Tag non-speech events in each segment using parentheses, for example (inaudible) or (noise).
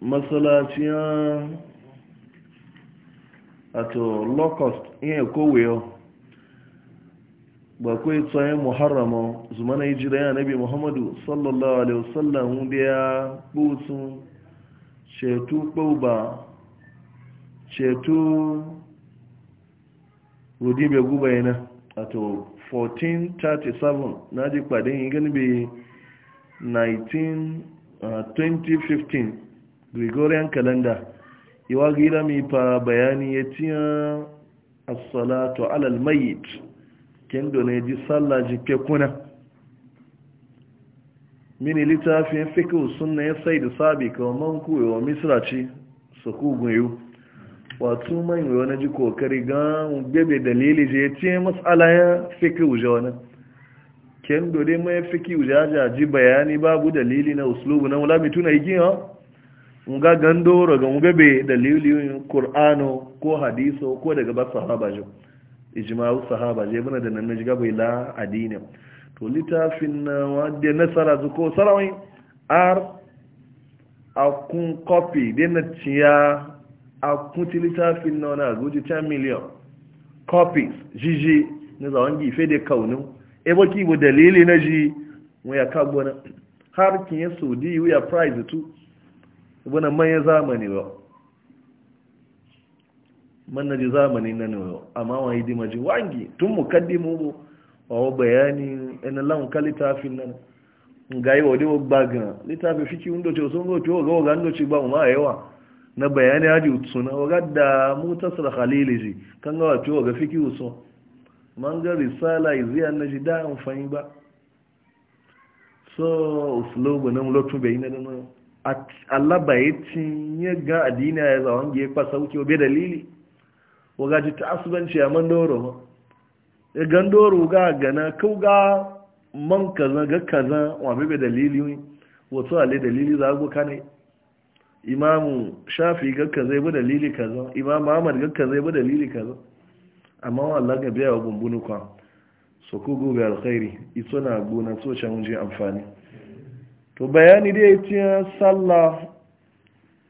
masalacin ato locust kowe o ba kai tsayin muharrama zuma na ya nabi muhammadu sallallahu alaihi wasallam da ya butsu ceto ɓauba ceto rudibe guba yana ato 1437 na ji kwadin gani 19 2015 gregorian calendar iwa gira mai fa bayani ya tiya assalatu alal mayit kendo ne ji sallah jike kuna mini littafin fikir sunna ya sai da sabi kawaman kuwa misra ce su kugun yiwu wato mai wani ji kokari ga bebe dalili je ce matsala ya fikir wuje wani ken dole mai fiki wuje ajaji bayani babu dalili na uslubu na wula mituna yi gina nga gando daga nga be dalilin qur'ano ko hadiso ko daga ba sahaba jo ijma'u sahaba je bana da nan ne jiga bai la adini to litafin na wadda nasara zu ko sarawin ar akun copy din na tiya akun litafin na na guji ta million copies jiji ne za wangi fe de kaunin e bo ki bo dalili na ji mu ya kabona har kin ya di ya price tu bana maye zamani ba man na ji zamani nan ne amma wai di maji wangi tun mu wa bayani ina lan kalita kalitafin nan ngai wodi wo gbagan litafi fiki undo to songo to go ga ndo ci ba ma yawa na bayani haji utsuna wa gadda mutasar khalili ji kan ga to ga fiki uso man ga risala iziya na ji da ba so uslubu nan lotu bayina da nan allabayicin ya ga adina ya zawon ga ya kwasa wuce obe dalili wagaji ta asubanci a man doro ya gan doro ga gana kau ga man kaza ga kaza wa bebe dalili wato ale dalili za a ka ne imamu shafi ga kaza ya bi dalili kaza imamu ahmad ga kaza ya bi dalili kaza amma wa Allah ga biya wa bumbunu kwa so ku gobe alkhairi ito na gona so can amfani to bayani dai tiya sallah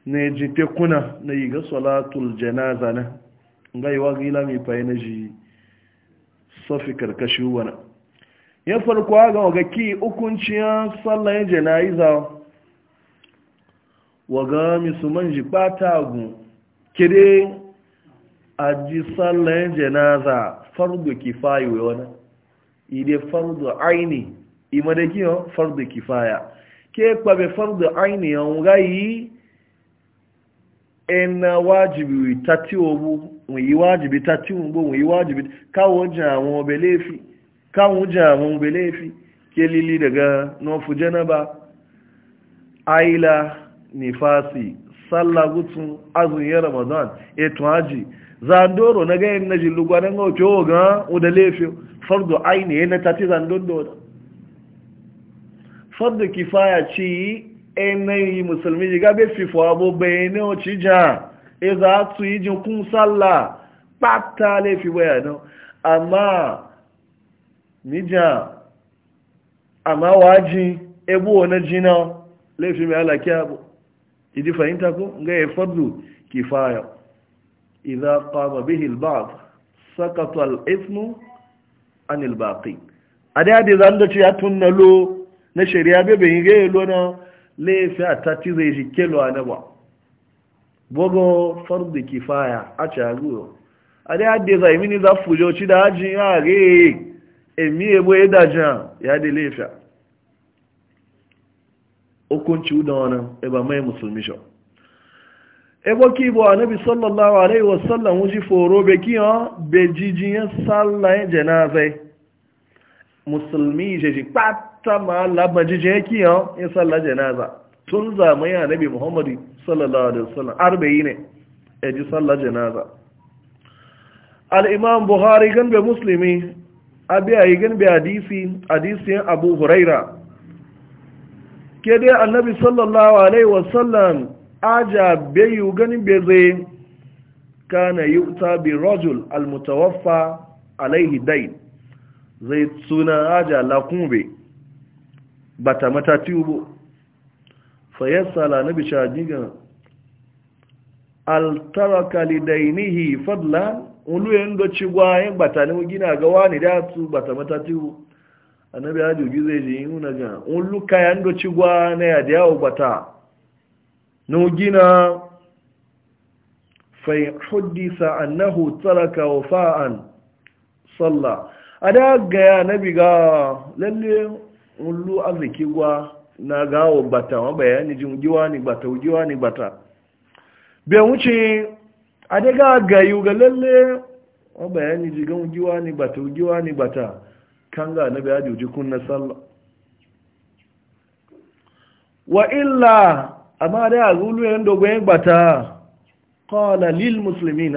ne ji tekuna na yi ga salatul janaza na ga yiwa gila mai na ji sofi karkashi wana ya farko ga waga ki ukunciya sallah ya janaiza waga musulman ji bata gun kire a ji sallah ya janaza fardu kifayi wani ide fardu aini ima da kiyo fardu kifaya ke kpabe fardu ainihin rayi ina wajibi tati obu yi wajibi tati mu yi wajibi káwọn jẹ àwọn obele fi káwọn jẹ àwọn obele fi ke lili daga nufu janaba aila nifasi sallah Azun, azuyin ramadan eto haji zandoro na gayin na jilugwa na ga oke oga udalefi fardu ainihin na tati zandon da fardu kifaya ci enayi musulmi jiga be fifo abo bayani o ci ja e za su yi jinkun sallah pata le fi waya no amma nija amma waji ebu wani jina laifin mai alaki abu idi fahimta ko ga ya fardu kifaya idza qama bihi al-ba'd saqata al-ithmu an al-baqi adai da zan da ci ya tunnalo na shari'a bebe yi ga yalo na laifin a tati zai shi kelo a na ba bogo fardu kifaya a caguro a dai hadde zai mini za fujo ci da hajji e e e ya re emi ebo ya dajan ya da laifin hukunci da wani eba mai musulmi shau ebo ki bo anabi sallallahu alaihi wasallam wuji foro be kiyan be jijiyan sallah janazai musulmi jeji pata ma labajijin yake yawon ya salla janaza tun zamani a nabi muhammadu sallallahu alaihi wasallam arba'i ne ya ji salla janaza al'imam buhari gan musulmi abiyayi gan bai hadisi hadisiyan abu huraira ke dai annabi sallallahu alaihi wasallam aja bayu ganin bai zai kana yi ta bi rajul al-mutawaffa alaihi dain zai suna aja lakube ba ta matati ubo fayassala na bisha gigan altaraka lidainihi fadlan uluyen da ci gwayen ba ta nemi gina gawa wani da su ba ta matati ubo annabi ya jogi zai ji yuna ga ulu kayan da ci na ya da yawo ba ta nemi gina fai huddisa annahu taraka wafa'an sallah a da gaya na biga lalle mulu arziki gwa na gawo bata wa bayani jin giwa ni bata giwa ni bata bai wuce a da ga gayu ga lalle wa bayani jigan giwa ni bata giwa ni bata kanga na bayani ji kunna sallah wa illa amma da gulu yan dogon bata قال lil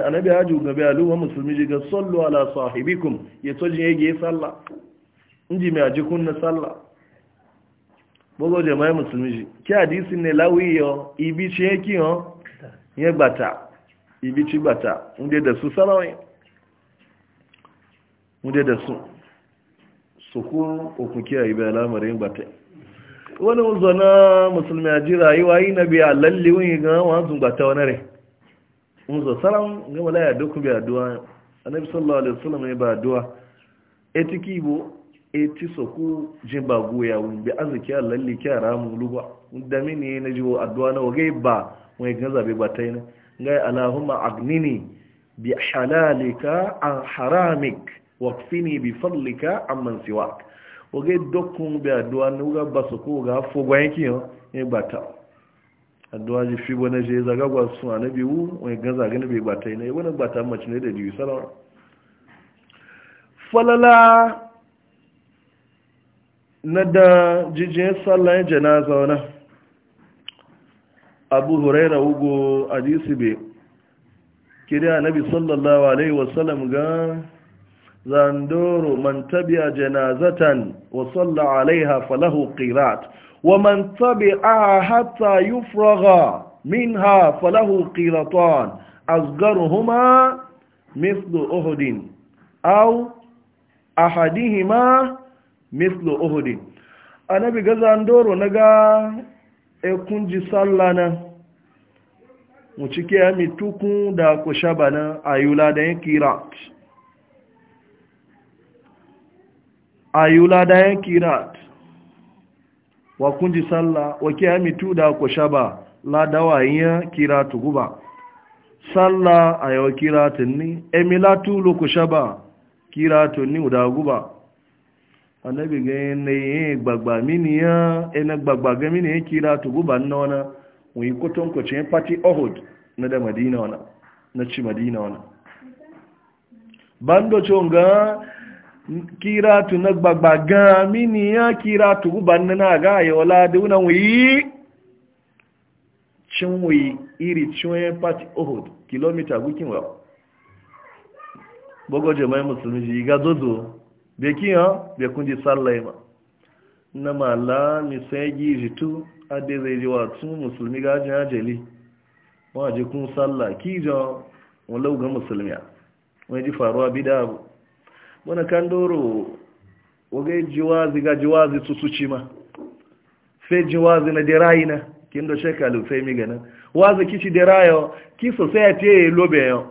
انا بيجو haju gabe aluwa musulmi ga sallu ala sahibikum ya toji yage sallah inji mai aji kunna sallah مسلمي جي كي حديث ني لاوي ne lawi yo ibi chi yake yo ye gbata ibi chi gbata unde da su salawai unde da su su ku lamarin gbata wani na musulmi aji rayuwa yi na biya ga gbata wani rai musa salam ne wala ya doku bi addu'a annabi sallallahu alaihi wasallam ya ba addu'a etiki bo eti soku je ba goya wun bi arziki Allah li kyara mu lugwa da mini na jiwo addu'a na wage ba mai gaza bi tai na ngai allahumma agnini bi halalika an haramik waqfini bi fadlika amman siwak wage dokku bi addu'a na ga ba soku ga fogwa yake yo e ta. addu'a ji fi wani je zaga gwa su a nabi wu wani gan zaga nabi ta yi na wani ta mace ne da biyu sarawa falala na da jijiyar sallayen janaza wani abu huraira ugo jisi be kiri nabi sallallahu alaihi wasallam ga zandoro man janazatan wa salla alaiha falahu qirat ومن تبعها حتى يفرغ منها فله قيرطان أصغرهما مثل أهد أو أحدهما مثل أهد أنا بغزان دورو نغا ekunji جسال لنا وشكي أمي mitukun da ku أيولا na ayula أيولا yin kirat wa kunji sallah wa kiyami tuda ko shaba la dawaiya kira tuguba sallah ayo kira tinni emila tulu ko shaba kira tinni uda guba annabi ga ne gbagba miniya ene gbagba ga mini kira tuguba nona wi ton ko chen pati ohud na da madina wana na ci madina wana bando chonga kiratu na gbagba gan mini ya kiratu guban na ga ayola da una wuyi cin wuyi iri cin e pati ohud kilomita wikin wa bogo jama'i musulmi ji ga zozo be kiyan be ji sallai ma na mala mi sai gi jitu adi zai ji wa tun musulmi ga jin ajali wa je kun sallah ki jo wala ga musulmiya wani ji faruwa bidabu abu mana kan doro wagai jiwazi ga jiwazi tusuci ma fe jiwazi na derayi na kin do shekalu fe mi gana wazi kici derayo ki society e lobe yo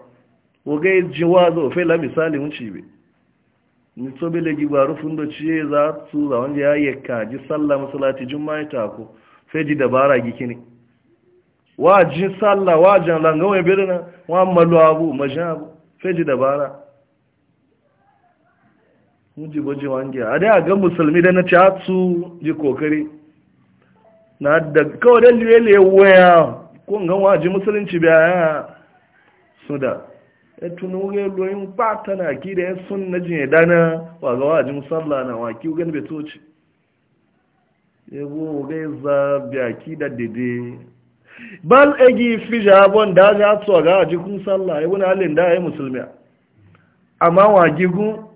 wagai jiwazo fe la misali unci be ni to bele gi gwaru fundo ciye za su za wanda ya yekka ji sallah musallati juma'a ta ko fe ji dabara gi kini wa ji sallah wa wajan langawe birna wa malu abu majabu fe ji dabara muji baje wange a da ga musulmi da na ci hatsu ji kokari na da kawai da lele waya ko ngan waji musulunci biya su da ya e tuni wuge loyin pata na ki da ya e sun na jin ya e dana wa ga waji musalla na wa ki wugan betoci ya go wuge za biya ki da dede bal egi fi jabon da a su ga waji kun sallah ya wani halin da ya yi musulmi amma waji kun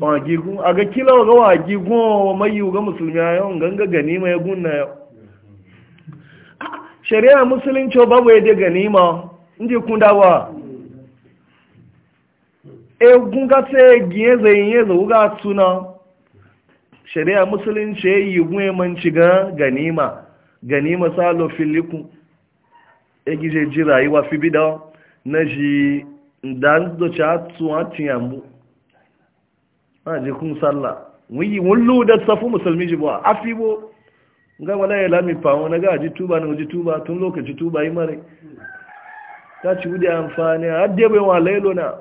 wagigun a ga kila ga wagigun wa mai ga musulmi a yau ganga ganima ya guna ah, ya shari'a musulunci babu ya de ganima inji kunda wa e gunga se giye zai yi zau ga tuna shari'a musulunci ya yi gunye manci ga ganima ganima salo filiku e gije ji rayuwa fi na ji da doce a tuwa a je kun sallah yi wullu da safu musulmi ji ba afibo ga wala ya lami fawo na ga ji tuba na ji tuba tun lokaci tuba yi mare ta ci wuda amfani a hadde bai wa lailo na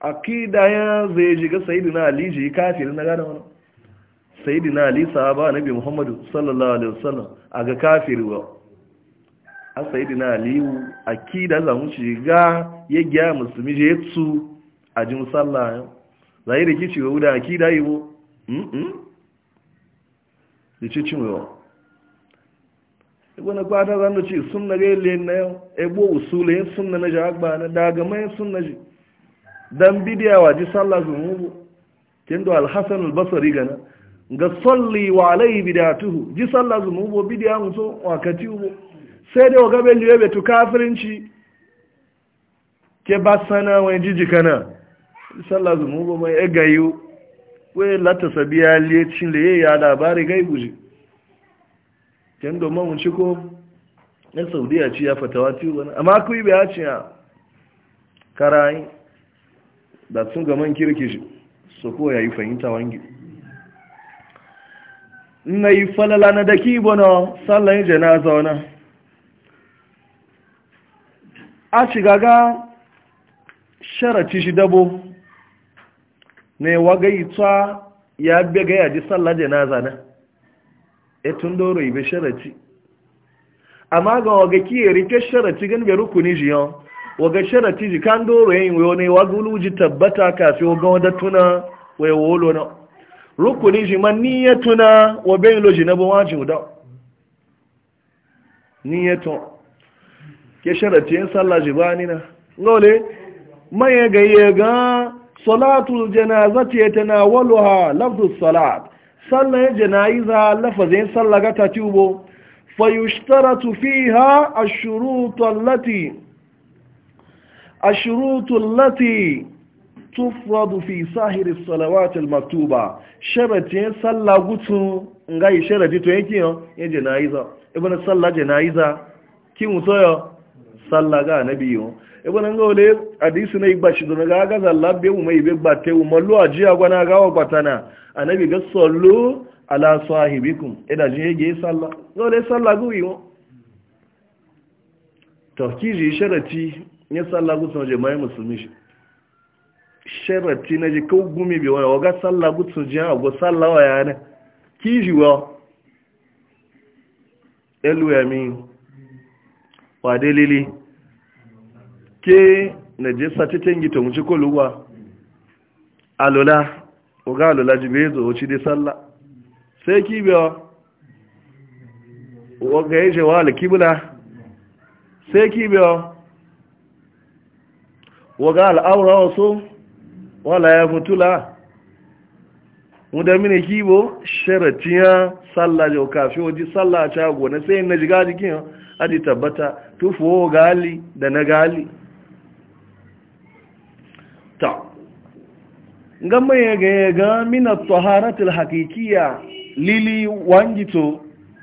akida ya zai ji ga na ali ji kafin na gada wani na ali sahaba nabi muhammadu sallallahu alaihi wasallam a ga kafin ruwa a sayyidina ali akida zamu ci ga ya gya musulmi je su a ji musalla yau zahiri kici ga wuda akida ibo mm da mm. cin yau ibo na kwata zan ci sunna ga le na yau e bo usule sunna na jagba na daga mai sunna ji dan bidiya wa ji sallah al-hasan alhassan basri gana ga salli wa alai bidatuhu ji sallah bo bidiya mutu wakati ubo sai dai waga bai liwe betu kafirinci ke ba sana wani jijikana sallah zumu ba mai egayo wai lata sabiya lecin da ya labari gai buji kyan domin mun ko na saudiya ci ya fatawa tiyo wani amma ku yi ci ya karayi da sun gaman kirki shi su ko ya yi fahimta wangi na yi falala na da kibo na sallan janaza wana a shiga ga sharaci shi dabo ne waga itwa ya bega ya ji sallar janaza na etun doro ibe sharati amma ga waga kiye rike sharati gan be rukuni jiyo waga sharati ji kan doro yin e wayo ne waga uluji tabbata kafi waga wada tuna waye wolo na rukuni ji man niyatuna wa bayin loji na bawajin da niyatun ke sharati yin sallar jibani na ngole maye ga salatul janazati yatanawaluha lafdhu salat sallar jana'iza lafazin sallah ga ta tubo fayushtaratu fiha ash-shurutu allati ash-shurutu allati tufradu fi sahir salawat al-maktuba sharatin gutu ngai sharadi to yake yo ya jana'iza ibn sallah jana'iza kin mutoyo sallah ga nabiyo ibn an gole hadisi na igba shi dona ga ga labbe mu mai be batte mu mallu ajiya gwana gawa kwatana anabi ga sallu ala sahibikum ida e je ge sallah gole sallah guwi mo to kiji sharati ne sallah gu soje mai musulmi shi sharati na je ko gumi bi wa ga sallah gu soje a go sallah wa yana kiji wa elu yamin wa delili ke najisa cikin gita wuce koluwa alola oga alola jibe zo wuce dai sallah sai kibiya oga ya jewa alkibula sai kibiya oga al'aura wasu wala ya mutula wadda mini kibo sharatiya sallah jau kafi waje sallah a cago na sai na jiga jikin aji tabbata tufuwa gali da na gali ta gama ya ga ya ga mina taharatul hakikiya lili wangito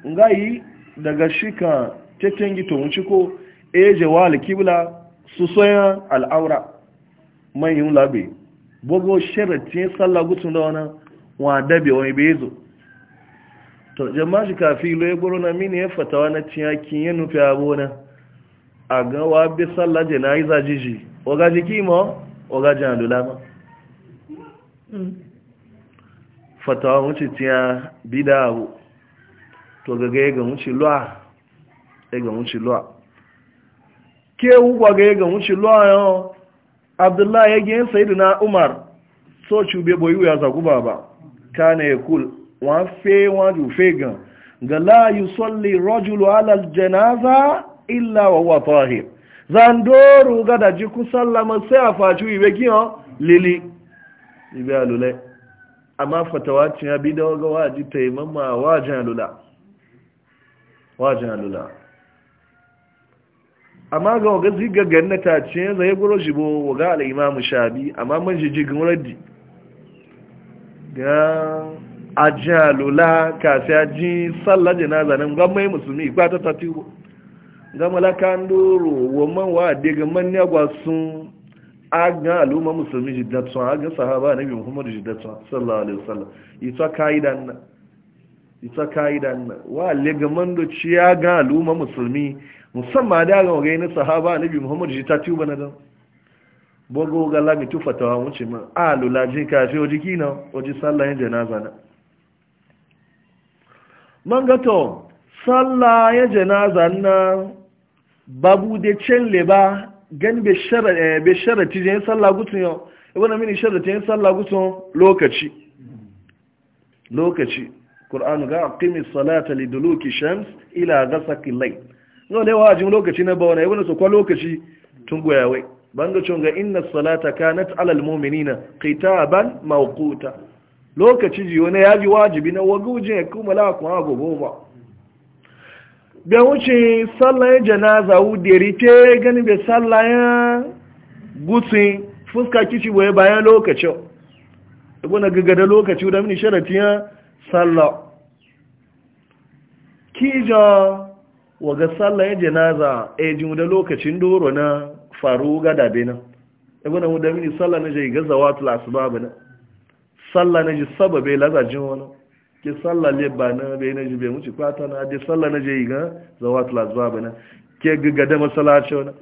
ngai daga shika cikin gito wuce ko eje wal kibla su al al'aura man yi labe bogo sharatin sallah gutun da wani wa dabe wani bezo to jama'a shi kafi lo e ya buru na mini ya e fata na ciyakin ya nufi abona a ga wa bi sallah jana'iza jiji wa ga jiki ma ọgájì àlùlámá hmm. fatawa wuce tiya bida abu to ga ya ga wuce luwa ya ga wuce luwa ke wugwa ga ya ga wuce luwa yawon abdullahi ya gina sayidu na umar so cube boyu ya zaguba ba ka na ya wa wọn fe wọn ju fe gan ga la yi solli rajulu alal janaza illa wa wa tahir zandoro gada ji kusan lamar sai a faci ibe giyan lili ibe alulai amma fatawa cin ya bi da waga waji ta yi mamma wajen alula wajen alula amma ga waga ziga gannata ce ya zai guro shi bo waga al'imamu shabi amma man shi jigin raddi ga ajiyar alula kafin ajiyar sallar zanen gwamnati musulmi ba ta tatiwo ga malaka ndoro woman wa daga manya gwasun agan al'umma musulmi jiddatun agan sahaba nabi muhammad jiddatun sallallahu alaihi wasallam ita kaidan ita kaidan wa lega mando ci agan al'umma musulmi musamman da ga ga ni sahaba nabi muhammad jittatu bana da bogo ga lami tu fatawa wuce ma alula jin fi oji kina oji sallahin janaza na man gato sallahin janaza na babu da can ba gani bai sharati eh, yin sallah gutun yau ibana e mini sharati yin sallah gutun lokaci lokaci qur'anu ga aqimi salata liduluki shams ila ghasaqi lai no ne wajen lokaci na bawana e na su kwa lokaci tun goya wai banga chunga inna salata kanat na almu'minina ban mawquta lokaci ji wani yaji wajibi na wagujin ya e kuma la ku ha ba bai wuce sallayen janaza wuderi te ganin bai sallayen gutsin fuska kici waye bayan lokacin ibuna gagada lokaci da mini sharatiya salla kija waga sallayen janaza e jin da lokacin doro na faru gada bena ibuna da mini salla na je gazawa tulasu babu na salla na ji sababe lazajin wani ke sallah le ba na be na jibe mu ci kwata na de sallah na je yi ga zawat la ba bana ke gaga da masallaci na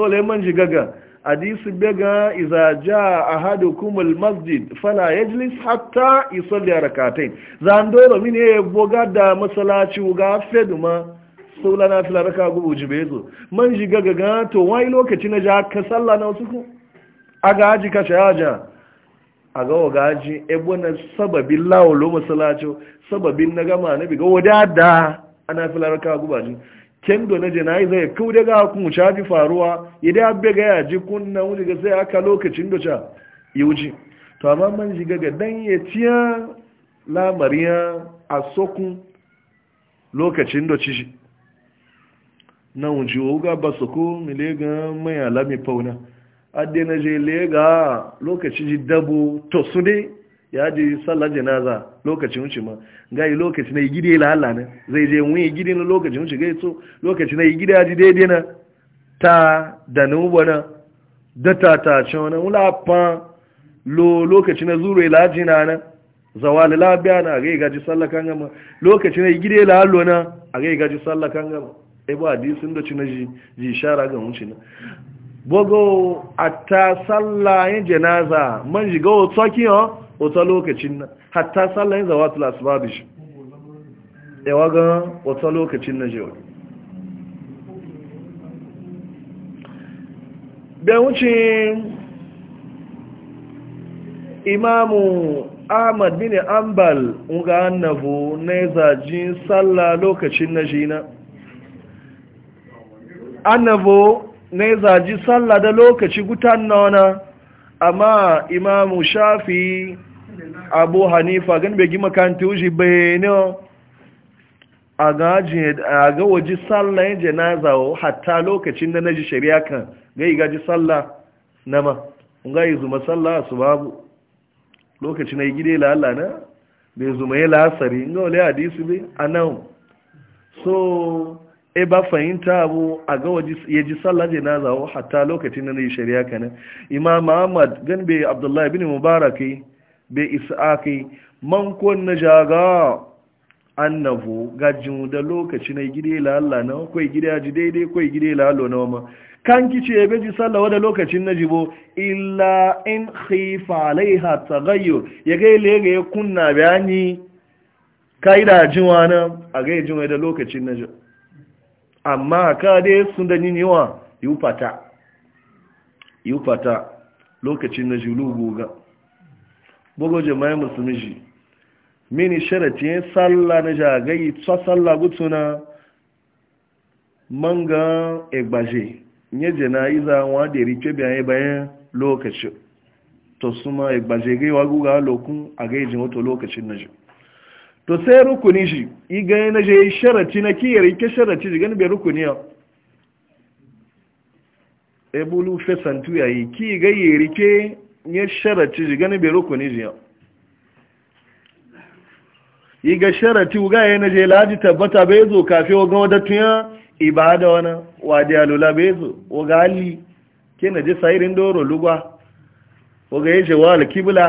gole man ji gaga hadisi ga iza ja ahadukum al masjid fala yajlis hatta yusalli rak'atayn zan dole min e boga da masallaci ga ma. saula na fila raka gubu jibe zo man ji gaga to wai lokaci na ja ka sallah na wasu ku aga ji ka shaja a ga gaji ebo na sababin lawolo masalacho sababin na gama na biga wadada ana filar ka gubaji kendo na jana'iza ya kaude daga kun caji faruwa idan abbe ga yaji kunna wuri ga sai aka lokacin doca ya wuce to amma man shiga ga dan ya tiya lamariya a sokun lokacin doci ci na wuce wuga ba su mai alami fauna adina je lega lokaci ji dabo to su ne ya ji sallar janaza lokacin wuce ma gai lokaci na gide la Allah ne zai je wuni gide na lokacin wuce gai so lokaci na gide ya ji daidai na ta da na da ta ta ce wani wulafa lo lokaci na zuru ilaji na na zawali labiya na a gai gaji sallar kan gama lokaci na gide la allo na a gaji sallar kan gama ebo da ci na ji shara ga wuce na gbogbo hatta sallayin janaza man shiga otu kiyo oh, otu lokacin nan hatta sallayin zawatul asbabish yawa eh, ga otu lokacin na jewa da wuce imamu ahmad bin ambal nga annabu na zajin sallah lokacin na jina annabu ne zaji sallah da lokaci gutan nona amma imamu shafi abu hanifa gan gima kan tuji bayani a ga waji sallah yin janaza hatta lokacin da na ji shari'a kan gai gaji sallah na ma ga yi zuma sallah su babu lokaci na yi gide la'alla na bai zuma yi la'asari ga wale hadisi bai a nan so e ba fahimta abu a ga ya ji sallah janaza wa hatta lokacin da yi shari'a kana imam ahmad gan bai abdullahi bin mubaraki bai isaki man kon na jaga annabu gajin da lokacin na gide la Allah na koi gide ji daidai kwai gide la Allah na wama kan kice ya beji sallah wada lokacin na jibo illa in khifa alaiha taghayyur ya ga ile ga ya kunna bayani kaida jinwana a ga jinwa da lokacin na jibo amma ka dai sun da yin yawa yi fata yi fata lokacin na julu goga bugu jama'in musulmi shi mini sharati yin tsalla na jagayi tsa tsalla gutuna manga egbaje nye jana'iza wa da rike bayan bayan lokaci to suma egbaje gaiwa guga lokun a gaijin wato lokacin na julu to sai rukuni shi iga na je sharaci na kiyar ike sharaci shi gani bai rukuni ya ebulu fesantu ya yi ki ga rike ya sharaci shi gani bai rukuni shi ya iga sharaci uga ya na je laji tabbata bai zo kafe wa gawa datu ya ibada wani wadi alula bai zo wa gali ke na je sa'irin doron lugwa wa ga yi wa alkibla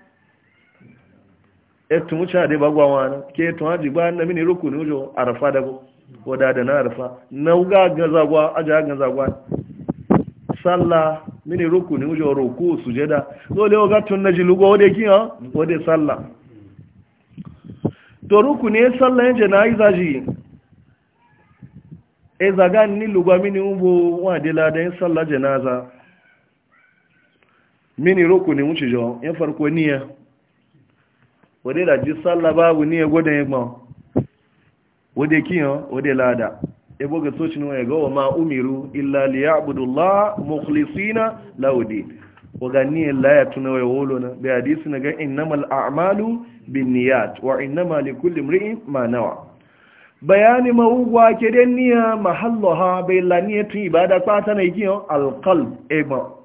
etu mu cha de bagwa wana ke to haji ba na mini ruku ni jo arafa da go wada da na arafa na uga ga zagwa aja ga zagwa salla mini ruku ne jo ruku sujada le oga tun naji lugo wode kin ha wode salla to ruku ne salla yin janaiza ji e zaga ni lugo mini umbo wa de la da salla janaza mini ruku ne mu ci jo yan farko wadda da sallah babu ni ya gwada ya gbọn wadda kiyan wadda lada ebo socin wani ga ma umiru illa liya'budullah mukhlisina laudi waga ni la ya tuna wai na bi hadisi na ga a'malu binniyat wa innama likulli imri'in ma nawa bayani mawugwa ke den niya mahallaha bai laniya tun ibada kwata na igiyan alqalb egba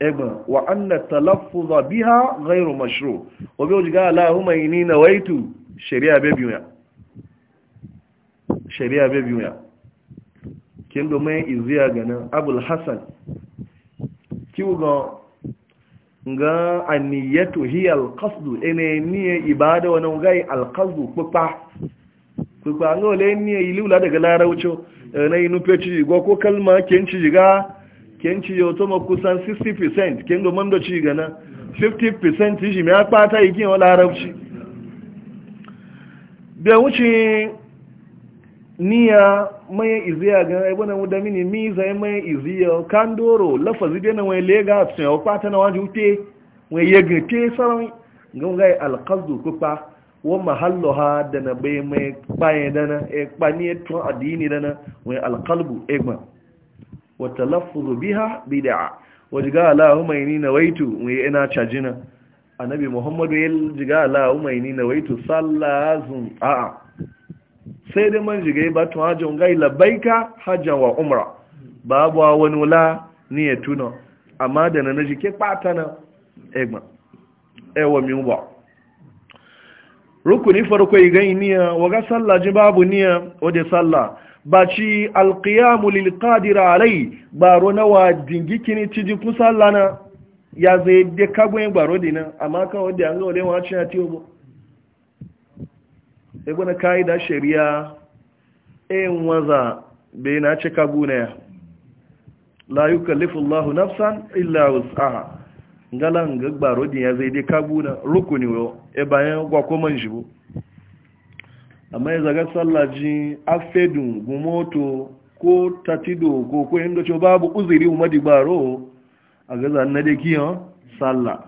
ẹgbọ̀n wa anna talaffuza biha gairu mashru wa bi wajiga ni na waitu sharia be ya sharia be ya kin do mai iziya ganin abul hasan kiwo nga aniyatu hiya alqasd ene niye ibada wa ngai alqasd kupa kupa ngole niye ilu la daga larawcho na inu peci go ko kalma kenci jiga kenci yau to kusan 60% ken ga mando ci gana 50% shi mai akpata kin wala larabci da wuce niya mai iziya ga ai bana e da mini mi zai e mai iziya kandoro lafazi dena wani lega tsin o pata na waje te wai ke te sarai gai alqazdu kupa wa mahalluha da na bai mai baye dana e kpani to adini dana wai alqalbu egma wa talaffuzu biha bid'a wajiga Allahumma inni nawaitu mu ina cajina annabi Muhammadu ya jiga Allahumma inni nawaitu sallazun a'a sai dai man jiga ba tun hajjin gai labaika hajja wa umra babu wani la ni ya tuna amma da na naji ke pata na egma ewa mi ba rukuni farko yi gai niya waga sallah ji babu niya wajen sallah ba ci alƙiyamu lilƙadira alai baro nawa wa dingikini ci ji lana ya zai de kagbe baro dina amma kan wadda an gaule wa ci e e na tiyo bu ebe na kayi da shari'a in waza bai na ci kagu na ya la yi kallifin lahu nafsan illa wasa'a galan gagbaro din ya zai de kagbu na rukuni yau e bayan gwakwaman shi bu amma ya zaga sallaji afedun gumoto ko tatido ko ko inda ce babu uziri umadi baro a gaza na da kiyan salla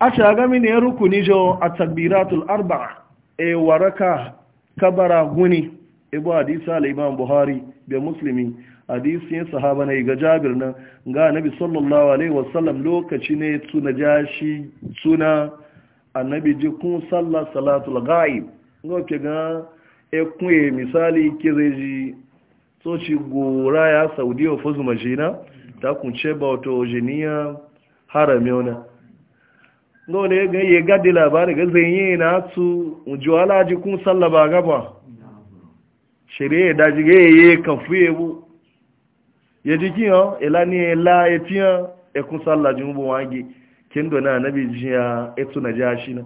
a shagami ne rukuni jo a tabbiratul arba e waraka kabara guni ibu e hadisa al’iman buhari da musulmi hadisi yin sahaba na iga jabir nan ga nabi sallallahu alaihi wasallam lokaci ne suna jashi suna annabi ji kun sallah salatul ghaib ngo ke ga e kun e misali kireji so shi gora ya saudi o fuzu majina ta kun ce ba to jiniya haramiona ngo ne ga ye ga de labari ga zai yi na su juwala ji kun sallah ba gaba shari'a da ji ga ye kan fuye bu ye ji kiyo elani ela etiyan e kun sallah ji mu wangi kendo na nabi jiya etu na ja shi na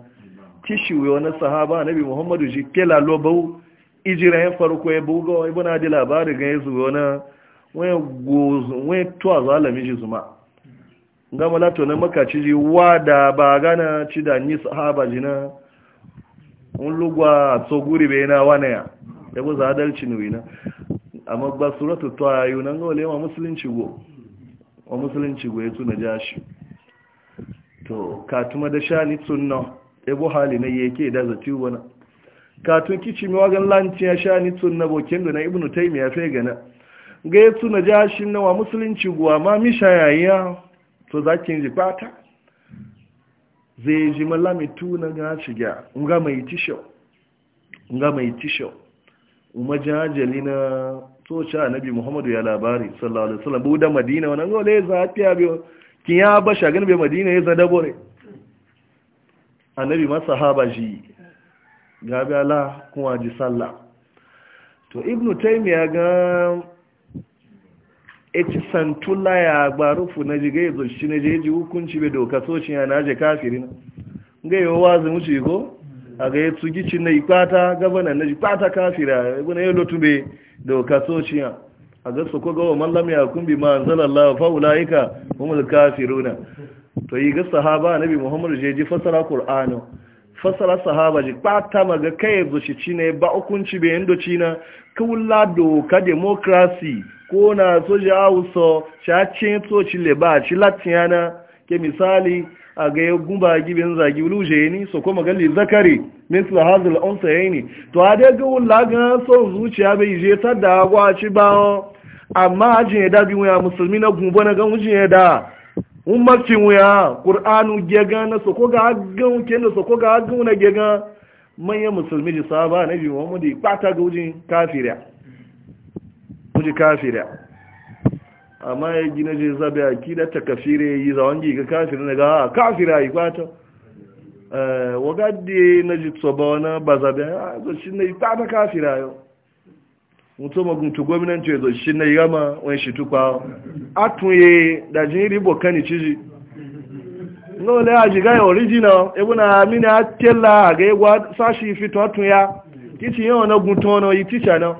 kishi wo na sahaba nabi muhammadu ji kela lobau ijira ya farko ya bugo ibu na da labari ga yesu wo na wen gozu wen to shi zuma gama lato na makaci ji da ba gana ci da ni sahaba ji na un lugwa tsoguri be na wana ya yabo za adalci ne wina amma ba suratu ta ayu musulunci go wa musulunci go ya tuna jashi to katuma da shani sunna ebo hali na yake da zati wani katun kici mi wagan lanci ya shani sunna bokin da na ibnu ya fega gana ga yatsu na jashin nawa musulunci guwa ma mi shayayya to zakin ji kwata zai ji malami tuna ga shiga nga mai tisho nga mai tisho umajajali na socha nabi muhammadu ya labari sallallahu alaihi wasallam da madina wannan gole zafiya biyo kin ya ba shagin bai madina ya zada bore annabi ma sahaba ji gabi ala kuma ji sallah to ibnu ya ga eci santula ya gbarufu na ji gaizo shi na jeji hukunci bai doka soci ya na je kafiri na ga yi wazin wuce ko a ga ya tsugi na ikwata gabanan na ji kwata kafira ibina ya lotu bai doka soci a ga su koga wa mallam ya kumbi ma zalallahu fa'ula'ika humul kafiruna to yi ga sahaba nabi muhammad je ji fasara qur'ano fasara sahaba ji pata maga kai ci cine ba hukunci be indo cina kula doka democracy ko na so cha hausa to ci le ba ci latiana ke misali a ga ya gumba gibin zagi luje ni so kuma gali zakari misal hazil onsa yayi ni to a dai ga wula ga son zuciya bai je ta da ci ba amma ajin ya dabi wuya musulmi na gumbo na gan wujin ya da umarcin wuya ƙur'anu gega na soko ga agan wuke na soko ga agan wuna gega manyan musulmi ji saba na biyu wani da ipata ga wujin kafiriya wujin kafiriya amma ya gina je zabe a kida ta kafire yi za wangi ga kafiri na ga kafira yi kwata eh, wagadde na jitsoba wani ba zabe a zo shi na ipata kafira yau mutum maguntu gwamnati ya zoci na yama wani shi tukwa atunye da jiri bokani ciji lole ya jiga ya original ebuna mini atela ga egwa sashi fito atunya kici yawa na guntono yi ticha na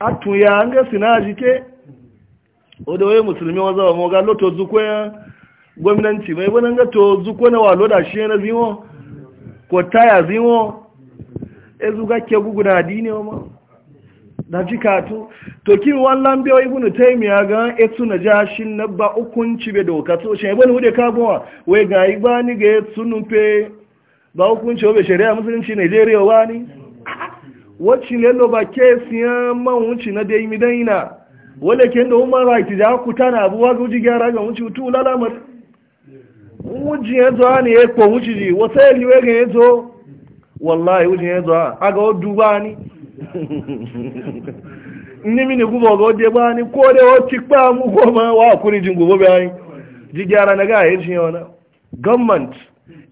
atunya an ga sinaji ke odowe musulmi wanzu wa moga loto zukwe gwamnati mai ebuna ga to zukwe na walo da shi na zinwo ko taya zinwo ezuga ke gugu na adini wa ma na jikatu to kin wallan biyo ibnu taymiya ga etu na jashin na ba hukunci be doka to shi ibnu hude kabowa wai ga ibani ga etu nupe ba hukunci obe shari'a musulunci Nigeria wani wacce ne lo ba ke siya man wuce na dai midaina wala ken da human right da ku tana abuwa ga wuce gyara ga wuce tu lalamar wuce ya zo ne ya ji wasa ya ga ya wallahi ni mini gubo ga ode ba ni ko da o tikpa mu ko ma wa kuri jin gubo ba yi ji gyara na ga yi shi ona government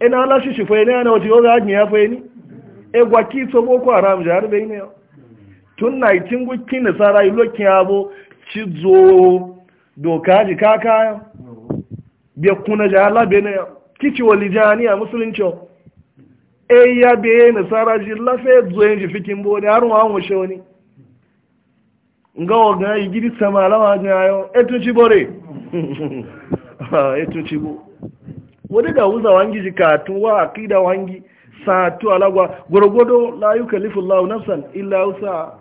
ina ala shi shi fa ina na oti o ga ni ya fa ni e gwa ki so boko haram jar be ni tun na itin gu kin sara yi lokin abo ci zo doka ji kaka biya kuna jala be ne kici walijani a musulunci e ya be nasara ji lafe zoyen ji fikin bo da harun awon shi wani nga wa ga yi gidi sama lawa ga ayo etun ci bore (laughs) etun ci bo wani da wuza wangi ji katu wa akida wangi tu alagwa gwargwado la yi kalifin lau nafsan illa wusa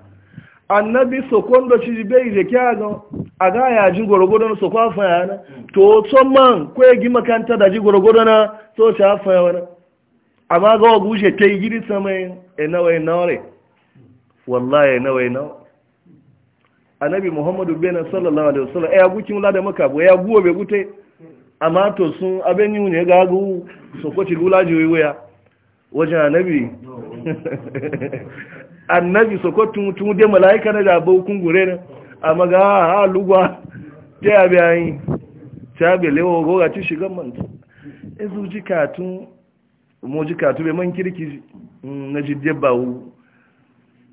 annabi sokondo ci bai je kyaga a ga ya ji gwargwado na sokwa fayana to son man kwaye gi makanta da ji gwargwado na so ci hafaya wani amma ga wuce ta yi giri sama enawa eh, enawa re wallahi enawa eh, enawa anabi muhammadu benin sallallahu alaihi wasallam eh, ya guki mula da maka bu ya guwa bai gute amma to sun abin yi ne ga gu so ko ci lula ji wuya wajen anabi annabi so (laughs) ko tun tun de malaika na da bau gure ne amma ga ah, ha lugwa ta ya bi ayi ta bi lewo go shigan man ezu ji katun moji katube man kirki mm, na jidde bawu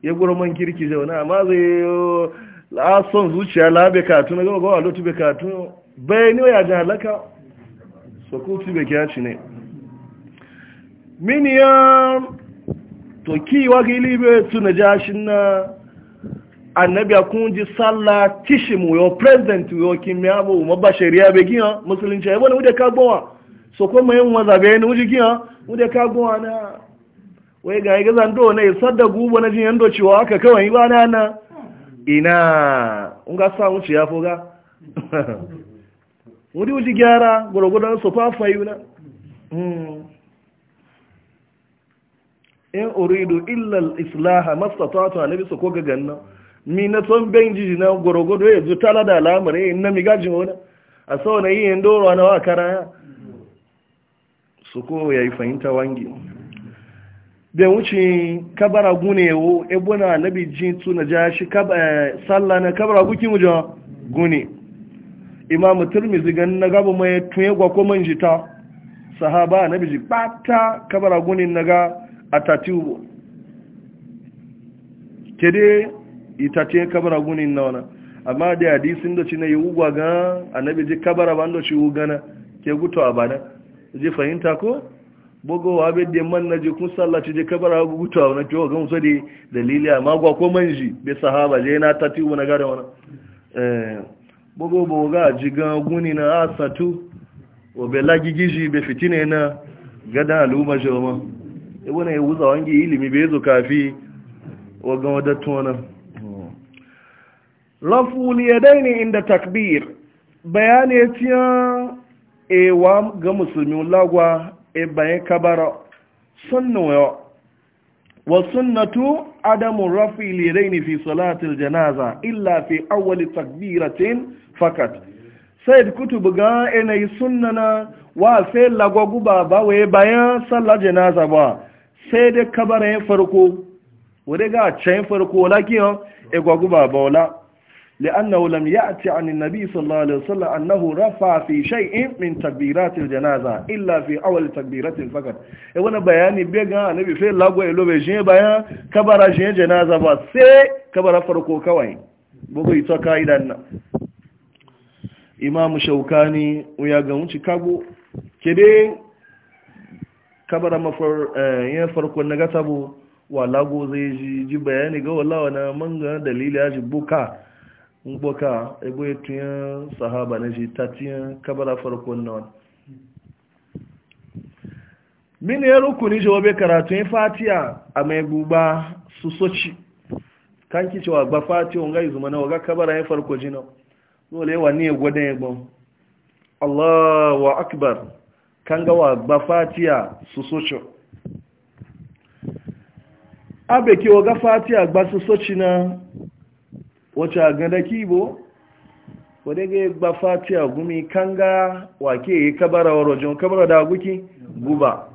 ya gura man kirki zauna amma zai lason ah, zuciya labe katu na gama gawa lotube katu bayani ya ji halaka sokutu bai kya ci ne mini ya toki wa gili bai tuna jashin na annabi kun ji sallah tishimu yo president yo kimiyabo mabashariya begin musulunci ya wani wuda ka so ko mayin wazabe ne wuji kiya mu ka kago na wai ga yi zan na ne da gubo na jin yando cewa aka kawai ba na na ina unga sa wuce ciya foga wuri (laughs) wuji gyara gurgudan su fafa yi mm in uridu illa al-islaha a nabi su koga ga ganna mi na son jiji na gurgudo ya tala da lamarin na wani a sau a yi yin doro na wakara karaya su ko ya yi fahimta wangi bai wuce kabara gunewo ebuna nabi jintu na ja shi eh, sallah na kabara guki mu gune imam turmizi gan na gaba mai tunye gwa ko man jita sahaba nabi ji pata kabara gunin naga atatiwo kede itate kabara gunin na wana amma da hadisin da ci na yi ugwa ga na biji kabara ban da shi ugana ke guto a bana je fahimta ko bugowa bai da man na jikun sallaci je kabara gutawa na ciwo ga musa da dalili a magwa ko manji be sahaba je na tati wani gada wani eh, bugo boga jigan guni na asatu wa bai lagigiji bai fitine na gada al'umma e ibuna ya wuza wangi ilimi bai zo kafi wa ga wadattuwa rafu liyadaini inda takbir bayani ya ewa ga musulmi lagwa e bayan kabara sunnuwa wa sunnatu adamu rafi liraini fi salatil janaza illa fi awwali takbiratin fakat said kutubu ga yanayi sunnana wa sai lagwagu ba ba waye bayan sallar janaza ba sai dai kabara ya farko wadda ga can farko wala kiyan egwagu ba ba wala لأنه لم يأتي عن النبي صلى الله عليه وسلم أنه رفع في شيء من تكبيرات الجنازة إلا في أول تكبيرات فقط وانا بياني بيقى نبي في الله قوي بيجين بيان كبرا جين جنازة بسي كبرا فرقو كوين بغي توقع إلى إمام شوكاني وياقون شكاغو كده كبرا مفر ينفرقو النغتبو wala go zai ji bayani ga wala wana manga dalili ya ji buka mgboka ebe etinye sahaba na ji ta tinye kabara farkon nan mini ya rukuni jawabe karatun fatiya a mai guba su sochi kan ki cewa ba fatiya wanga yi zuma na waga kabara ya farko jina dole wa ne gwada ya gbon allah wa akbar kan gawa ba fatiya su soci abe ki waga fatiya ba su na wacce a gada kibo wadda ga ba fatiya gumi kanga wake yi kabara wa rojin kabara da guki guba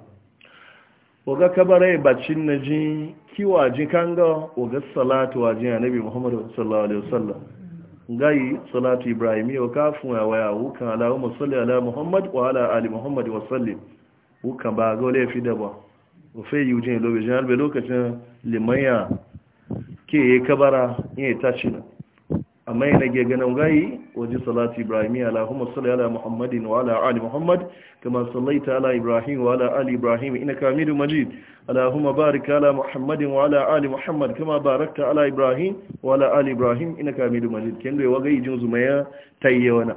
waga kabara ya bacin na ji kiwaji kanga waga salatu wa jiya nabi muhammadu sallallahu alaihi wasallam gayi salatu ibrahimi wa kafin ya waya wukan ala musalli ala muhammad wa ala ali muhammad wa sallim wukan ba ga wale fi daba wa yi wujin lobe jihar bai lokacin limayya. ke yi kabara ya tashi na amma yana ga ganin gayi waje salatu Ibrahim, ibrahimiyya allahumma salli ala muhammadin wa ala ali muhammad kama sallaita ala ibrahim wa ala ali ibrahim innaka hamidum majid allahumma barik ala muhammadin wa ala ali muhammad kama barakta ala ibrahim wa ala ali ibrahim innaka hamidum majid kendo ya wagai jin tayye wana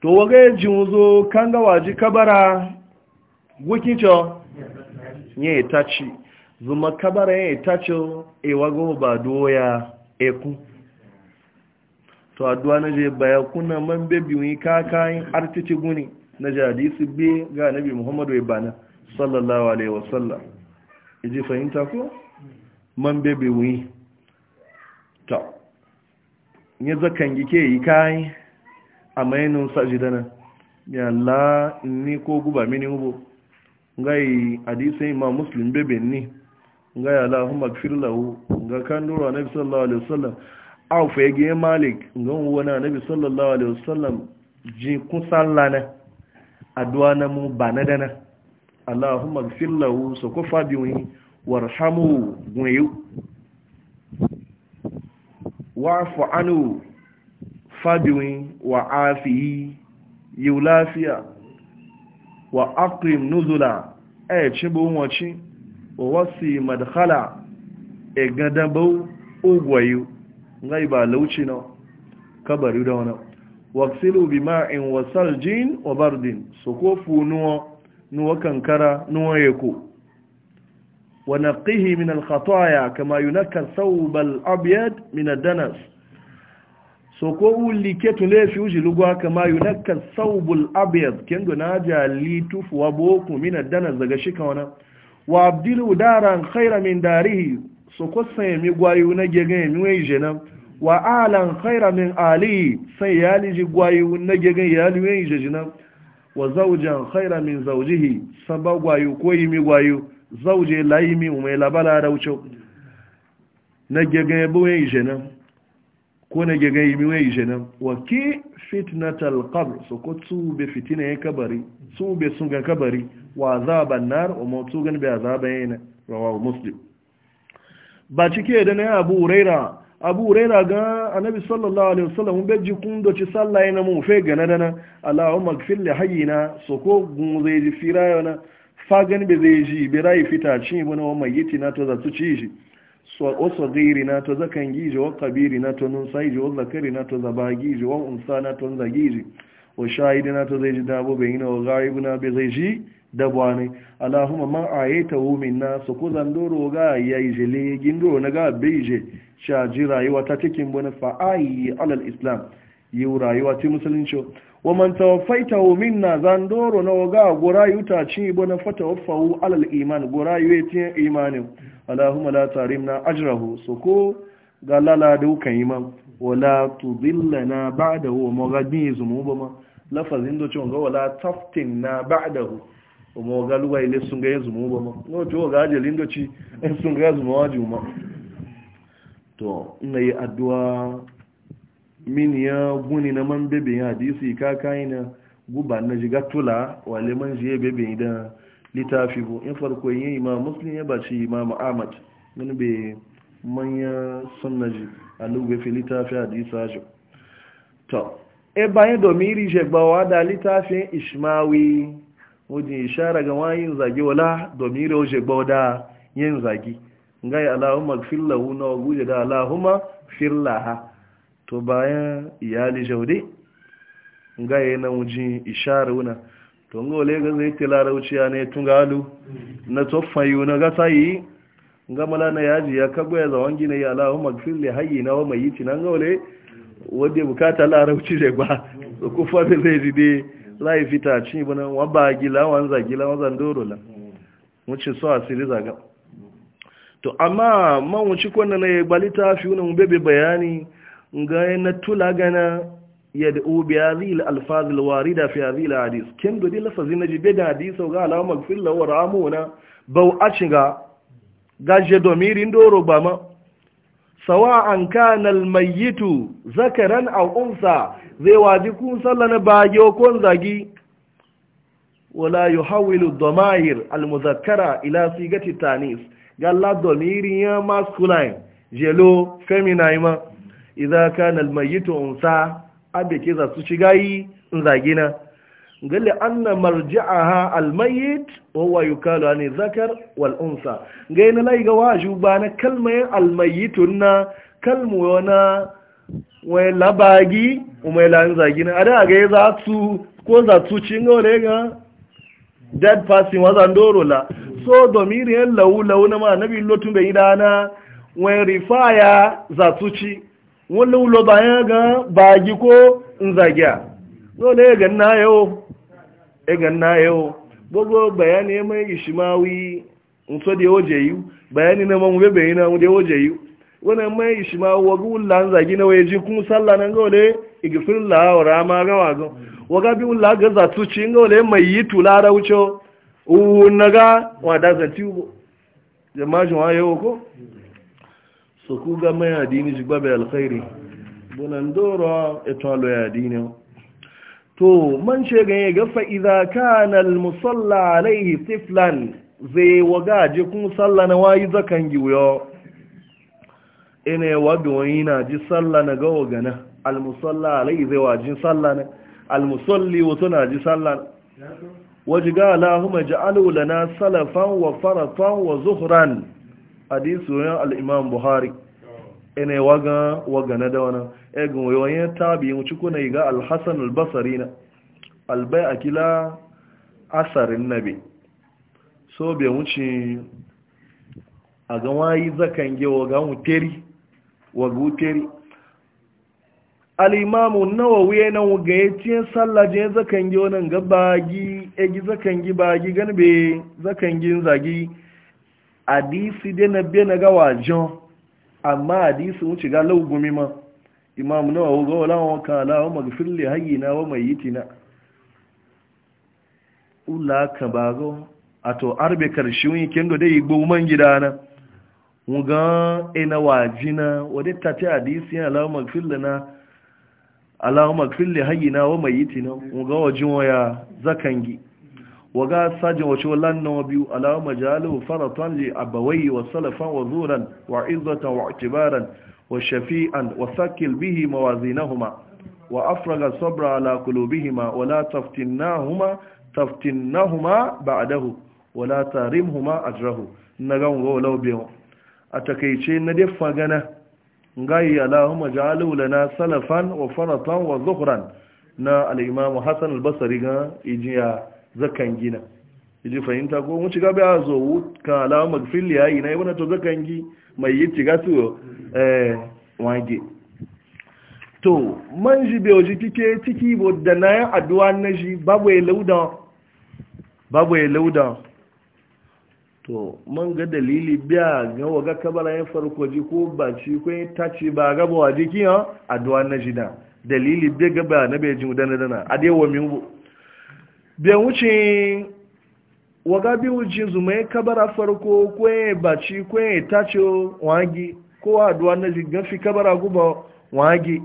to wagai jin zo kanga waje kabara wukincho ne tachi zuma kabara ya tacho e wago ba doya eku to addu'a na je baya kuna man bebi wi kakayin artiti guni na jadisi be ga nabi muhammadu ibana e sallallahu alaihi wasallam iji fahimta ko man bebi wi ta ne zakan gike yi kai a mainin sajidana ya la ni ko guba mini hubo ngai hadisi ma muslim bebe ni nga ya lahun magfir lahu ga kan dora nabi sallallahu alaihi wasallam aw fa yage malik ga wona nabi sallallahu alaihi wasallam ji kun sallana addu'a na mu ba na dana allahumma gfir lahu so ko fa biwi warhamu gwayu wa'fu anhu fa biwi wa afihi yulafiya wa aqim nuzula e chibu wachi wasi madhala e gadabau ugwayu ngai ba lauci na kabari da wani waksilu bi ma'in wa saljin wa bardin su ko funuwa nuwa kankara nuwa ku wani ƙihi min alkhatoya kama yi na thawb bal abiyad min adanas so ko ulike tule fi uji lugwa kama na thawb bal abiyad kendo na jali tufu boku min adanas daga shika wana wa abdilu daran khaira min darihi so ko sai mi gwayu na gegen mi wai jenan wa alan khaira min ali sai yali ji gwayu na gegen yali wai jenan wa zawjan khaira min zawjihi saba gwayu ko yi mi gwayu zauje layi mi umai labala raucho na gegen bu wai jenan ko na gegen yi mi wai jenan wa ki fitnatal qabr so ko tsu be fitina kabari tsu be sunga kabari wa azaban nar wa mutu gan bi azaban rawahu muslim ba cike da ne abu huraira abu huraira ga annabi sallallahu alaihi wasallam be ji kun do ci sallai na mu fe gana dana allahumma gfir li hayyina soko gun zai ji firayo na fagan bi zai ji bi rai fita ci bana wa yiti na to za su ci shi so o sagiri na to za kan giji wa kabiri na to nun sai ji wa zakari na to za ba giji wa unsa na to za giji wa shahidi na to zai ji dabo be ina wa gaibu na zai ji Dabuwa ne allahumma man ayata hu minna su ku zandoro ga yayi jele gindo na ga beije sha ji rayuwa ta cikin bana fa ayi alal islam yi rayuwa ta musulunci wa man tawaffaita hu minna zandoro na ga gorayu ta ci bana fa tawaffahu alal iman gorayu ta imani allahumma la tarimna ajrahu su ku ga lala dukan imam wala tudillana ba'dahu wa magadni zumu ba ma lafazin do cewa wala taftin na ba'dahu umu ga luwa ile sun ga yanzu mu ba ma no to ga aje lindo ci in (laughs) sun ga zuma waji ma to ina yi addu'a min ya guni na man bebe ya hadisi ka kaina guba na jiga tula wale man je bebe da litafi bu in farko yin imam muslim ya baci imam ahmad min be manya sunnaji alugbe fi litafi hadisa jo to e bayan domiri je gbawa da litafin ishmawi wajen ishara ga wayin zagi wala domin roje gbauda yin zagi ngai allahumma fillahu na guje da allahumma fillaha to bayan iyali jaude ngai na wajen ishara wuna to ngole ga zai tilara wuciya ne tungalu na tofayu na gasayi ngamala na yaji ya kago ya zawon gina ya allahumma filli hayyi na wa mayiti nan ngole wadda bukata larauci da ba ku fa zai dai lai fita ci bana wa ba gila wanza gila wanza ndoro la wuce so asiri zaga to amma man wuce kwanna na balita fi wannan bebe bayani ga na tula gana yad'u a hadhihi al-alfaz al-warida fi hadhihi al-hadith kin dodi lafazin na jibe da hadith ga alama magfir lahu bau a ci ga gaje domiri ndoro ba ma Sawa an kana almayyitu zakaran aw unsa zai waji kun na bage ko zagi wala yuhawilu dhama'ir almuzakkara ila sigati tanis galla domiri ya masculine jelo feminine ma idza kana almayitu unsa abe kiza su shigayi zagina gali anna marji'aha almayit huwa yukalu ani dhakar wal unsa ngai na laiga waju bana kalmay almayituna kalmu wana we labagi umay lanza gina A ga za tu ko za tu cinga rega dead person wasan dorola so domiri el na ma na manabi lotu be idana we rifaya za tu ci wallu lo ga bagi ko nzagya no lega na yo egan na yau gbogbo bayani ya mai ishimawi nso da oje yi bayani na mamu bebe yana da oje yi wani mai ishimawi waga wula zagi na waje kun sallah na gole igifin la'awara ma gawa zo waga bi wula ga zatuci gole mai yi da wuce unaga da zanti ubo jama'ajin wa yau ko so ku ga mai adini jigbabe alkhairi bunan doro eto alo ya adini to man shega ya gafa idza kana al musalla alayhi tiflan zai waga je kun salla na wayi zakan giwo ina wado na ji salla na ga wagana al musalla alayhi zai waji salla na al musalli wato na ji salla wajiga allahumma ja'alu lana salafan wa faratan wa zuhran hadithu al imam buhari ene waga waga na da wani egun yoyin tabi yin ciku na iga alhassan albasari na albai akila asarin nabi so bai wuce a ga wayi zakan ge waga muteri waga muteri alimamu nawawi nan waga ya ciye sallaje zakan ge wani ga bagi egi zakan gi bagi be zakan yi zagi hadisi dai na biya na ga wajen amma hadisi wuce ga laugumi ma imam nawa ga wala wa kala wa magfir li hayyina wa mayyitina ula ka bago ato arbe karshe wani kendo dai igbo man gidana muga ina wajina wadda ta ta hadisi ala wa magfir lana wa gfir li hayyina wa mayyitina muga wajin waya zakangi waga sajin wace wallan wa biyu alawa majalu faratan li abawai wa salafan wa zuran wa izzatan wa kibaran wa shafi'an wa sakil bihi mawazinahuma wa afraga sabra ala kulubihima wa la taftinnahuma taftinnahuma ba'dahu wa la tarimhuma ajrahu naga ngo law biyo atakeice na defa gana ngai allahumma ja'alu lana salafan wa fara faratan wa zuhran na al-imam hasan al-basri ga ijiya zakan gina yaji fahimta ko mu shiga baya zo ka alama magfil ya yi na ibn to zakan gi mai yi shiga su eh wange to man ji be oji kike ciki bo da na yan addu'a na ji babu ya lauda babu ya lauda to man ga dalili biya ga waga kabara ya farko ji ko baci ko tace ba ga ba waji kiyan addu'a na ji da dalili biya ga ba na be ji mudana dana adewa min biyan wuce waga bi wuce zumai kabara farko kwaye baci kwaye tace wagi ko aduwa na jigafi kabara guba wagi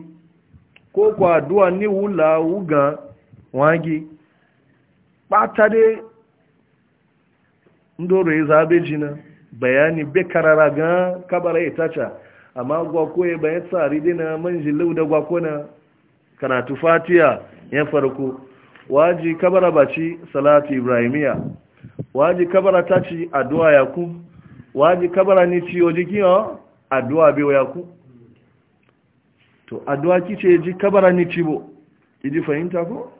ko kwa aduwa ni wula wuga wagi ɓata dai ndoro ya zaɓe jina bayani be karara ga kabara ya tace amma gwako ya bayan tsari dina manjin lauda gwako na karatu fatiya ya farko waji kabara baci salatu ibrahimiya waji kabara taci addu'a yaku waji kabara ni ciyo jiki ha addu'a biyo yaku to addu'a kice ji kabara ni cibo idi fahimta ko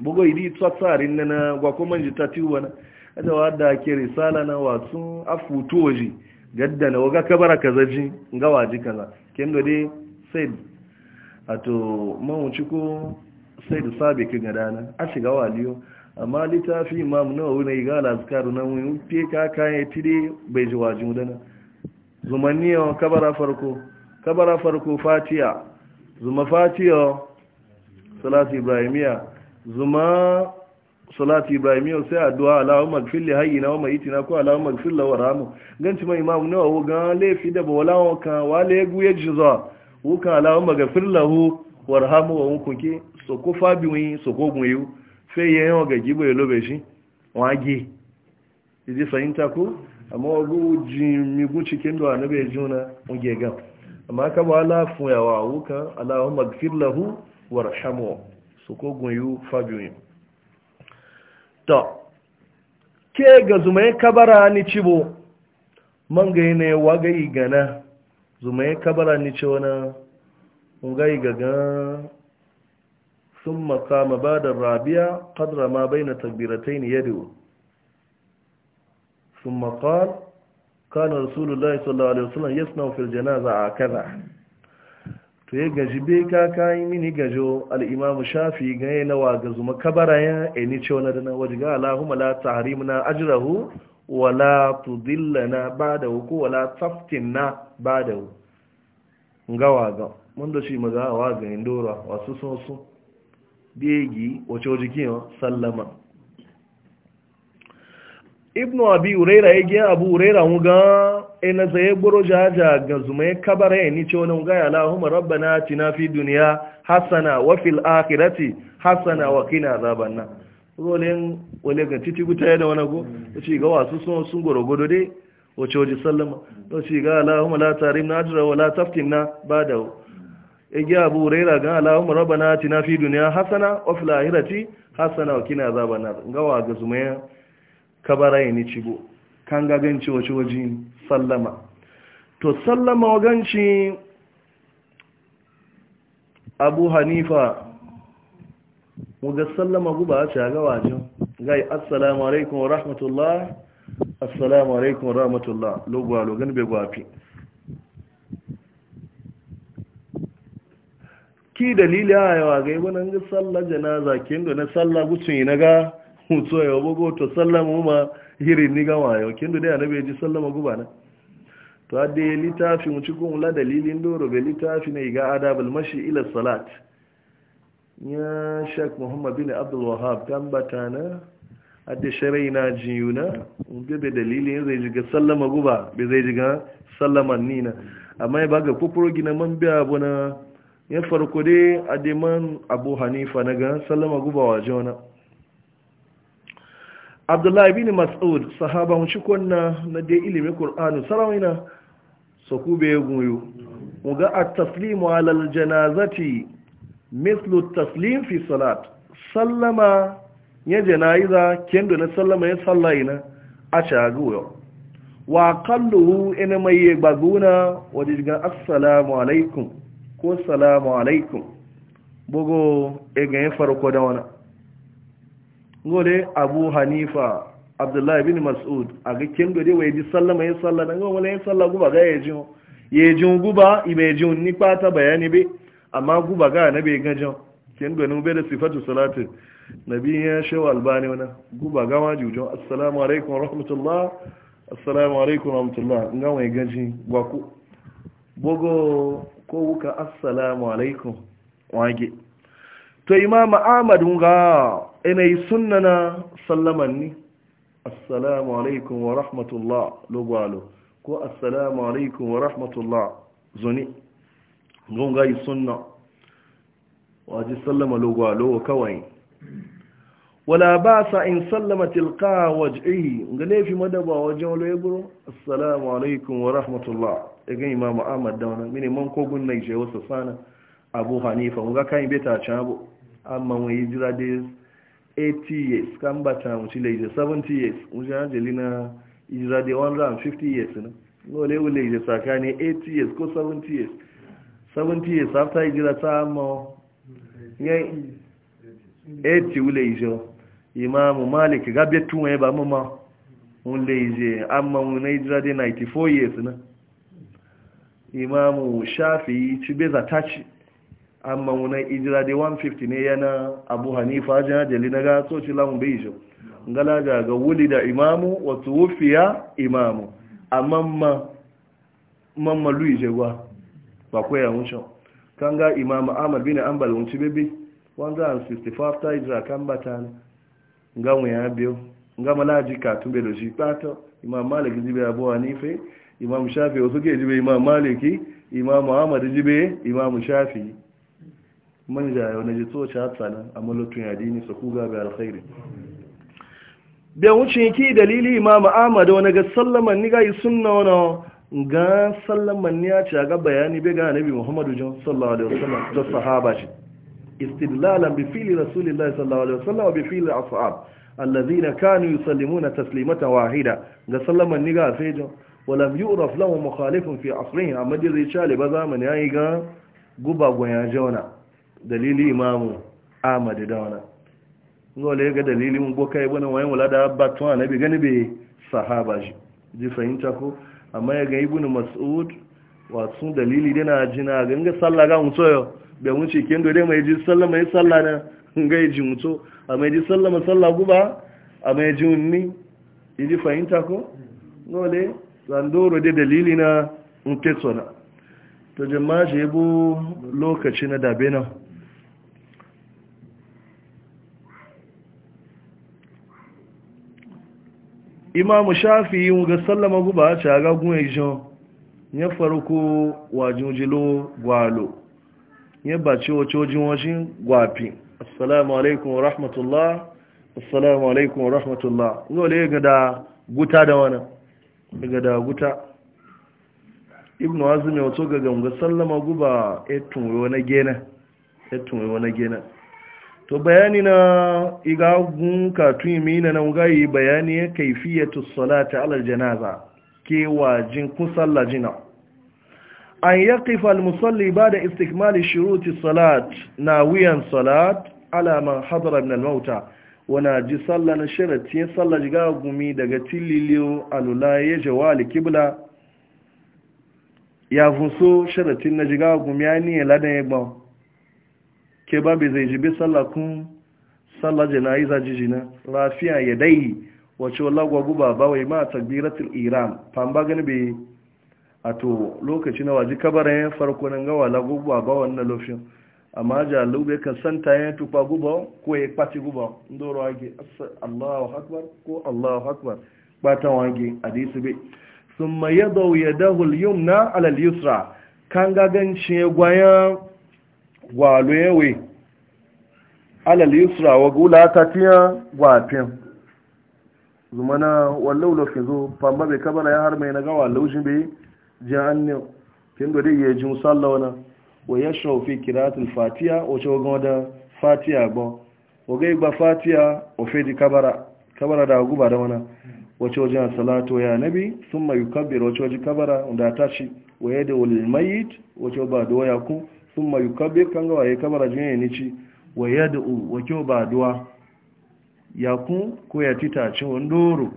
bugo idi tsatsarin nana gwa kuma ji tatiwa na da wadda ke risala na wasu oji, gadda na waga kabara kaza ji ga waji kaza kendo dai sai ato mawuci ko sai da sabe kin ga dana a shiga waliyo amma littafi imam nawa wani gala lazkar nan wani fiye ka kayan tire bai ji mu dana zumaniya kabara farko kabara farko fatiya zuma fatiya salatu ibrahimiya zuma salatu ibrahimiya sai addu'a allahumma ighfir li hayyina wa itina ko allahumma ighfir lahu gan ganci mai imam nawa ga lefi da ba kan ka wale guye jizo wuka allahumma ighfir lahu warhamu wa nkuki soko fabi soko gun yiwu fe yen o gaji bo elobe shi won agi idi fahimta ko amma ogu jin mi gun cikin do anabe juna on ge ga amma aka ba ala fun awuka wa wuka allahumma ighfir lahu warhamu soko gun yiwu fabi to ke ga zumai kabara ni cibo man ga ne wa ga igana zumai kabara ni na ngai gaga sun makama ba da rabia kadra ma bai na tabbiratai ne yadda sun makar kan rasulullah sallallahu alaihi wasallam ya suna fil janaza a kaza to yi gaji be ka kayi mini gajo al'imamu shafi ganye na waga zuma kabara ya eni ce wani dana wajiga alahuma la tahrimna ajrahu wala tudillana ba'dahu ko wala taftinna ba'dahu ngawa ga mun da shi maza wa ga indora wasu sun su begi wace jikin sallama ibnu abi uraira yake abu uraira mu ga ina eh, zaye gboro jaja ga zumai kabara ya ni cewa wani ga ya Allahumma rabbana atina fi duniya hasana wa fil akhirati hasana wa qina azaban nar rolen wale ga titi guta da wani go shi ga wasu sun sun godo dai wace waje sallama to shi ga Allahumma la tarimna ajra wa la taftinna ba'dahu igi abu raira gan alawun rabana tina fi duniya hasana of lahirati hasana wa kina azaba nar gawa ga zumaya kabarai ni cibo kan ga ganci wace waje sallama to sallama wa ganci abu hanifa mu ga sallama guba ce ga wajen gai assalamu alaikum wa rahmatullah assalamu alaikum wa rahmatullah logwa gani bai gwafi ki dalili a yawa ga yi wani ga sallah janaza ki do na sallah gutun yi na ga mutu ya bugo to sallah mu ma hiri ni ga yau kin do dai annabi ji sallah maguba na to adde litafi mu ci kun la dalilin doro bai litafi ne ga adabul mashi ila salat ya shek muhammad bin abdul wahhab kan a da sharai na jiyuna be bai dalilin zai ji ga sallar maguba bai zai ji ga sallaman na. amma ba ga kufuro gina man biya na ya farko dai a diman abu hanifa na gan guba wa jona abdullahi bin mas'ud sahaba mun shi kwanna na dai ilimin qur'ani sarawina sakube guyu muga at-taslimu ala janazati mithlu taslim fi salat sallama ya janaiza kendo na sallama ya sallaina a chaguyo wa qalluhu ina mai gbaguna wadiga assalamu alaikum ko salamu alaikum bugu egayen farko da wani gole abu hanifa abdullahi bin mas'ud a ga kin gode wai ji sallama ya salla dan gole ya salla guba ga ya jin ya guba ibe jin ni ta bayani be amma guba ga na be ga jin kin mu be da sifatu salatu nabi ya shawo albani wana guba ga waju jujo assalamu alaikum rahmatullah assalamu alaikum rahmatullah ngawai gaji gwaku bogo ko wuka assalamu alaikum wage to imama ahmad ga inai sunnana sallaman ni assalamu alaikum wa rahmatullah lugwalo ko assalamu alaikum wa rahmatullah zuni nga yi sunna waje sallama lugwalo kawai wala ba sa in sallama tilka waje. ga laifi madaba wajen wale guro assalamu alaikum wa rahmatullah igin imamu ahmad da wani mini man kogun na ishe wasu sana abu hanifa mu ga kan ibe ta can abu amma mu yi jira da 80 years kan ba ta mu cile 70 years mu ji hanjali na jira da 150 years na lole wule ije tsakani 80 years ko 70 years 70 years after ijira ta amma yan 80 wule ije imamu malik gabe tuwa ya ba mu ma wule ije amma mu na ijira da 94 years na imamu shafi ci beza ta ci amma wunan ijira da 150 ne yana abu hanifa jajali na ga soci lamun bai shi ngala ga ga wuli da imamu wasu wufiya imamu amma mamma luije gwa ba ya wucin kan ga imamu amal bin ambal wunci bebe 165 ta ijira kan bata ne ga wuya biyu ga malaji katun bedo shi ɓata imam malik zibe abu hanifa imam shafi wasu ke jibe imam maliki imam muhammad jibe imam shafi man jayo na ji tsoci hatsana a malotun yadini su kuga bai alkhairi bai wuce ki dalili imam ahmad wani ga sallaman ni ga yi sunna wani ga sallaman ni ya ce ga bayani bai ga annabi muhammadu jan sallallahu alaihi wasallam da sahaba shi istidlalan bi fili rasulillahi sallallahu alaihi wasallam bi fili ashab alladhina kanu yusallimuna taslimatan wahida ga sallaman ni ga fejo walam yi uraf lawan mukhalifin fi asirin amma dai zai cale ba zamani ya yi ga guba gwaya jauna dalili imamu ahmad da wana ngole ga dalilin bokai bana wayan wala da batun annabi gani be sahaba ji fahimta ko amma ya ga ibnu mas'ud wasu dalili dana jina ganga sallah ga mutu yo be mun ci kendo dai mai ji sallah mai sallah na ga ji mutu amma ji sallah ma sallah guba amma ji unni ji fahimta ko ngole zandoro da dalili na mfetsona to jama'a shi bu lokaci na dabe nan imamu shafi yi wuga sallama guba a caga gun ejan ya farko wajinjilo gwalo ya baci wacojin washin gwafi assalamu alaikun wa rahmatullah assalamu alaikun wa rahmatullah ga da guta da wani daga daguta ibn wazu mai wato gaga ga sallama guba etun wani na gena to bayani na igagun tun mina na ngayi bayani ya kaifiyatu salati ala janaza ke wajin kun salla jina an yaqifa al-musalli ba'da istikmali shuruti salat nawiyan salat ala man hadara min al-mauta wana ji sallah na sharatin sallah ga gumi daga tililiyo alula ya jawa alikibla ya fuso sharatin na jiga gumi ya ni ladan ya gbọn ke bi zai jibi sallah kun sallah jana'iza jijina lafiya ya dai wace wala guba ba wai ma takbiratul iram famba gani bai a to lokaci na waji kabarin farko nan ga wala guba ba wannan lofin amma jalu bai kan santa ya tukpa guba ko ya e kwaci guba ndoro wage Allahu akbar ko Allahu akbar batan wage hadisi bai thumma yadaw yadahu al-yumna ala al-yusra kan ga ganci gwaya gwalo yawe ala al-yusra wa gula katiya gwafin zumana wallau lo kizo pamba be kabara ya har mai na ga wallau shi bai ji annin kin gode ya ji musallawana wa ya yashra'u fi qira'atil fatiha o cho goda fatiha bo o ga igba fatiha o fe di kabara kabara da guba da wana o cho jan salatu ya nabi sun thumma yukabbiru o cho ji kabara unda tashi wa ya yadu lil mayyit o cho ba do ya ku thumma yukabbir kanga wa ya kabara jin ni ci wa ya yadu o cho ba duwa ya kun ko ya tita ci wandoro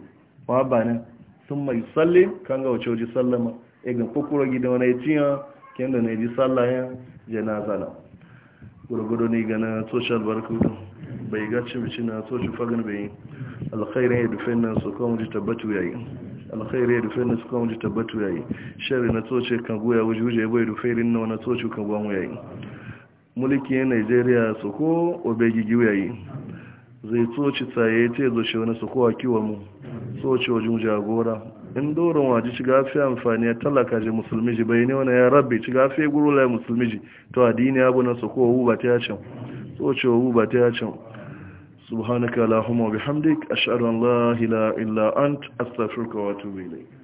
wa bana thumma yusallim kanga o cho ji sallama egan kokoro gidan wani ya tiyan kenda ne ji ya janaza na gurgudu ne gana social barkudu bai ga cimici na social fagin bai alkhairin ya dufe na su kawo ji tabbatu yayi alkhairin ya dufe na su kawo ji tabbatu yayi shari na toce kan goya wuce wuje bai dufe rin nawa na toce kan gwamu yayi mulki ya nigeria su ko obegigi yayi zai tsoci tsaye ce zo shi wani su kowa kiwa mu toce wajen jagora in doron waje shiga fi amfani ya talaka ji musulmi ji bai ne wani ya rabbi shiga fi guru lai musulmi ji to addini abu na su kowa ba ta yacin so ce wa ba ta yacin subhanaka allahumma bihamdik ashhadu an la illa ant astaghfiruka